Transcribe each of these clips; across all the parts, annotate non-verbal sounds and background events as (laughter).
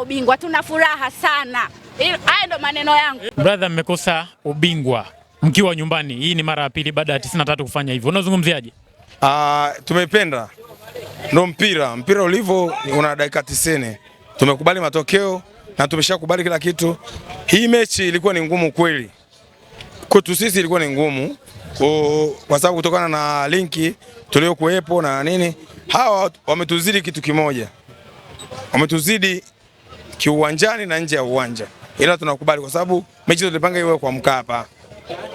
ubingwa, tuna furaha sana. Haya ndo maneno yangu. Brother, mmekosa ubingwa mkiwa nyumbani, hii ni mara ya pili baada ya tatu kufanya hivyo, unazungumziaje? Uh, ah, tumependa ndo mpira, mpira ulivyo una dakika tisini, Tumekubali matokeo na tumeshakubali kila kitu. Hii mechi ilikuwa ni ngumu kweli, kwetu sisi ilikuwa ni ngumu kwa sababu kutokana na linki tuliokuwepo na nini, hawa wametuzidi kitu kimoja, wametuzidi kiuwanjani na nje ya uwanja, ila tunakubali kwa sababu mechi yetu tulipanga iwe kwa Mkapa,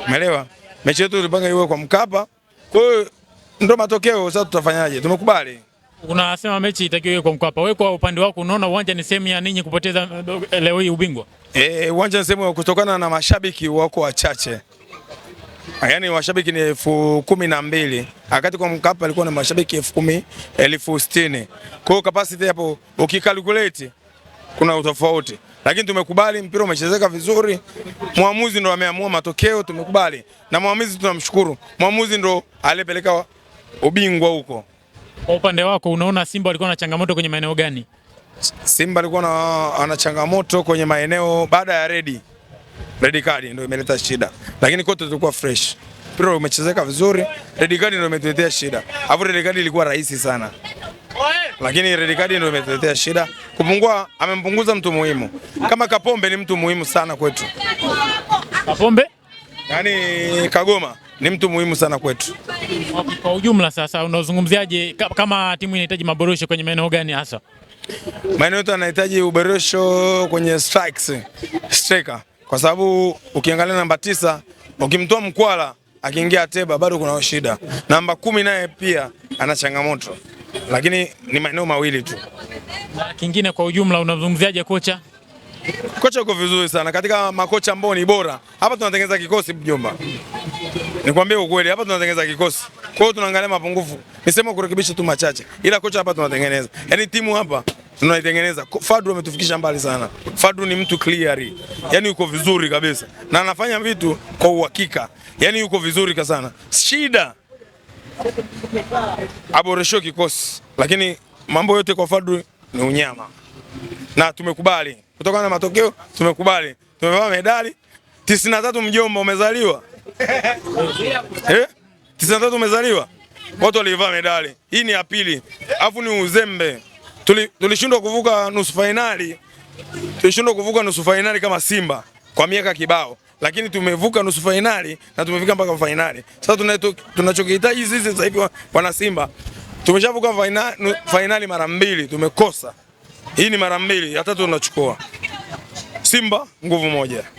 umeelewa? Mechi yetu tulipanga iwe kwa Mkapa, kwa hiyo ndio matokeo. Sasa tutafanyaje? Tumekubali. Unasema mechi itakiwa iwe kwa Mkapa. Wewe kwa upande wako unaona uwanja ni sehemu ya ninyi kupoteza eh, leo hii ubingwa? Eh, uwanja ni sehemu kutokana na mashabiki wako wachache. Yaani washabiki ni elfu kumi na mbili wakati kwa Mkapa alikuwa na mashabiki elfu kumi elfu sitini. Kwa hiyo capacity hapo ukikalkulate kuna utofauti, lakini tumekubali, mpira umechezeka vizuri, mwamuzi ndo ameamua matokeo, tumekubali na mwamuzi tunamshukuru. Mwamuzi ndo alipeleka ubingwa huko. Kwa upande wako, unaona Simba walikuwa na changamoto kwenye maeneo gani? Simba alikuwa na ana changamoto kwenye maeneo baada ya redi redi kadi ndio imeleta shida, lakini kote tulikuwa fresh, mpira umechezeka vizuri. Redi kadi ndio imetuletea shida, alafu redi kadi ilikuwa rahisi sana. Oye lakini red card ndio imetuletea shida. Kupungua amempunguza mtu muhimu, kama Kapombe ni mtu muhimu sana kwetu. Kapombe yani Kagoma ni mtu muhimu sana kwetu kwa ujumla. Sasa unazungumziaje kama timu inahitaji maboresho kwenye maeneo gani hasa? Maeneo yetu anahitaji uboresho kwenye strikes, striker, kwa sababu ukiangalia namba tisa ukimtoa Mkwala akiingia Ateba bado kuna shida. Namba kumi naye pia ana changamoto lakini ni maeneo mawili tu. Na kingine kwa ujumla, unazungumziaje kocha? Kocha uko vizuri sana katika makocha ambao ni bora. Hapa tunatengeneza kikosi mjomba, nikwambie ukweli, hapa tunatengeneza kikosi. Kwa hiyo tunaangalia mapungufu, nisema kurekebisha tu machache, ila kocha hapa tunatengeneza, yaani timu hapa tunaitengeneza. Fadru ametufikisha mbali sana. Fadru ni mtu clear, yaani yuko vizuri kabisa na anafanya vitu kwa uhakika, yaani yuko vizuri sana. Shida aboreshwe kikosi, lakini mambo yote kwa Fadlu ni unyama, na tumekubali kutokana na matokeo. Tumekubali, tumevaa medali tisini na tatu. Mjomba umezaliwa (laughs) eh? tisini na tatu umezaliwa, watu walivaa medali. Hii ni ya pili, afu ni uzembe. Tulishindwa tuli kuvuka nusu fainali, tulishindwa kuvuka nusu fainali kama Simba kwa miaka kibao lakini tumevuka nusu fainali na tumefika mpaka fainali. Sasa tunachokihitaji sisi sasa hivi wana Simba, tumeshavuka fainali, fainali mara mbili tumekosa. Hii ni mara mbili, ya tatu tunachukua. Simba nguvu moja.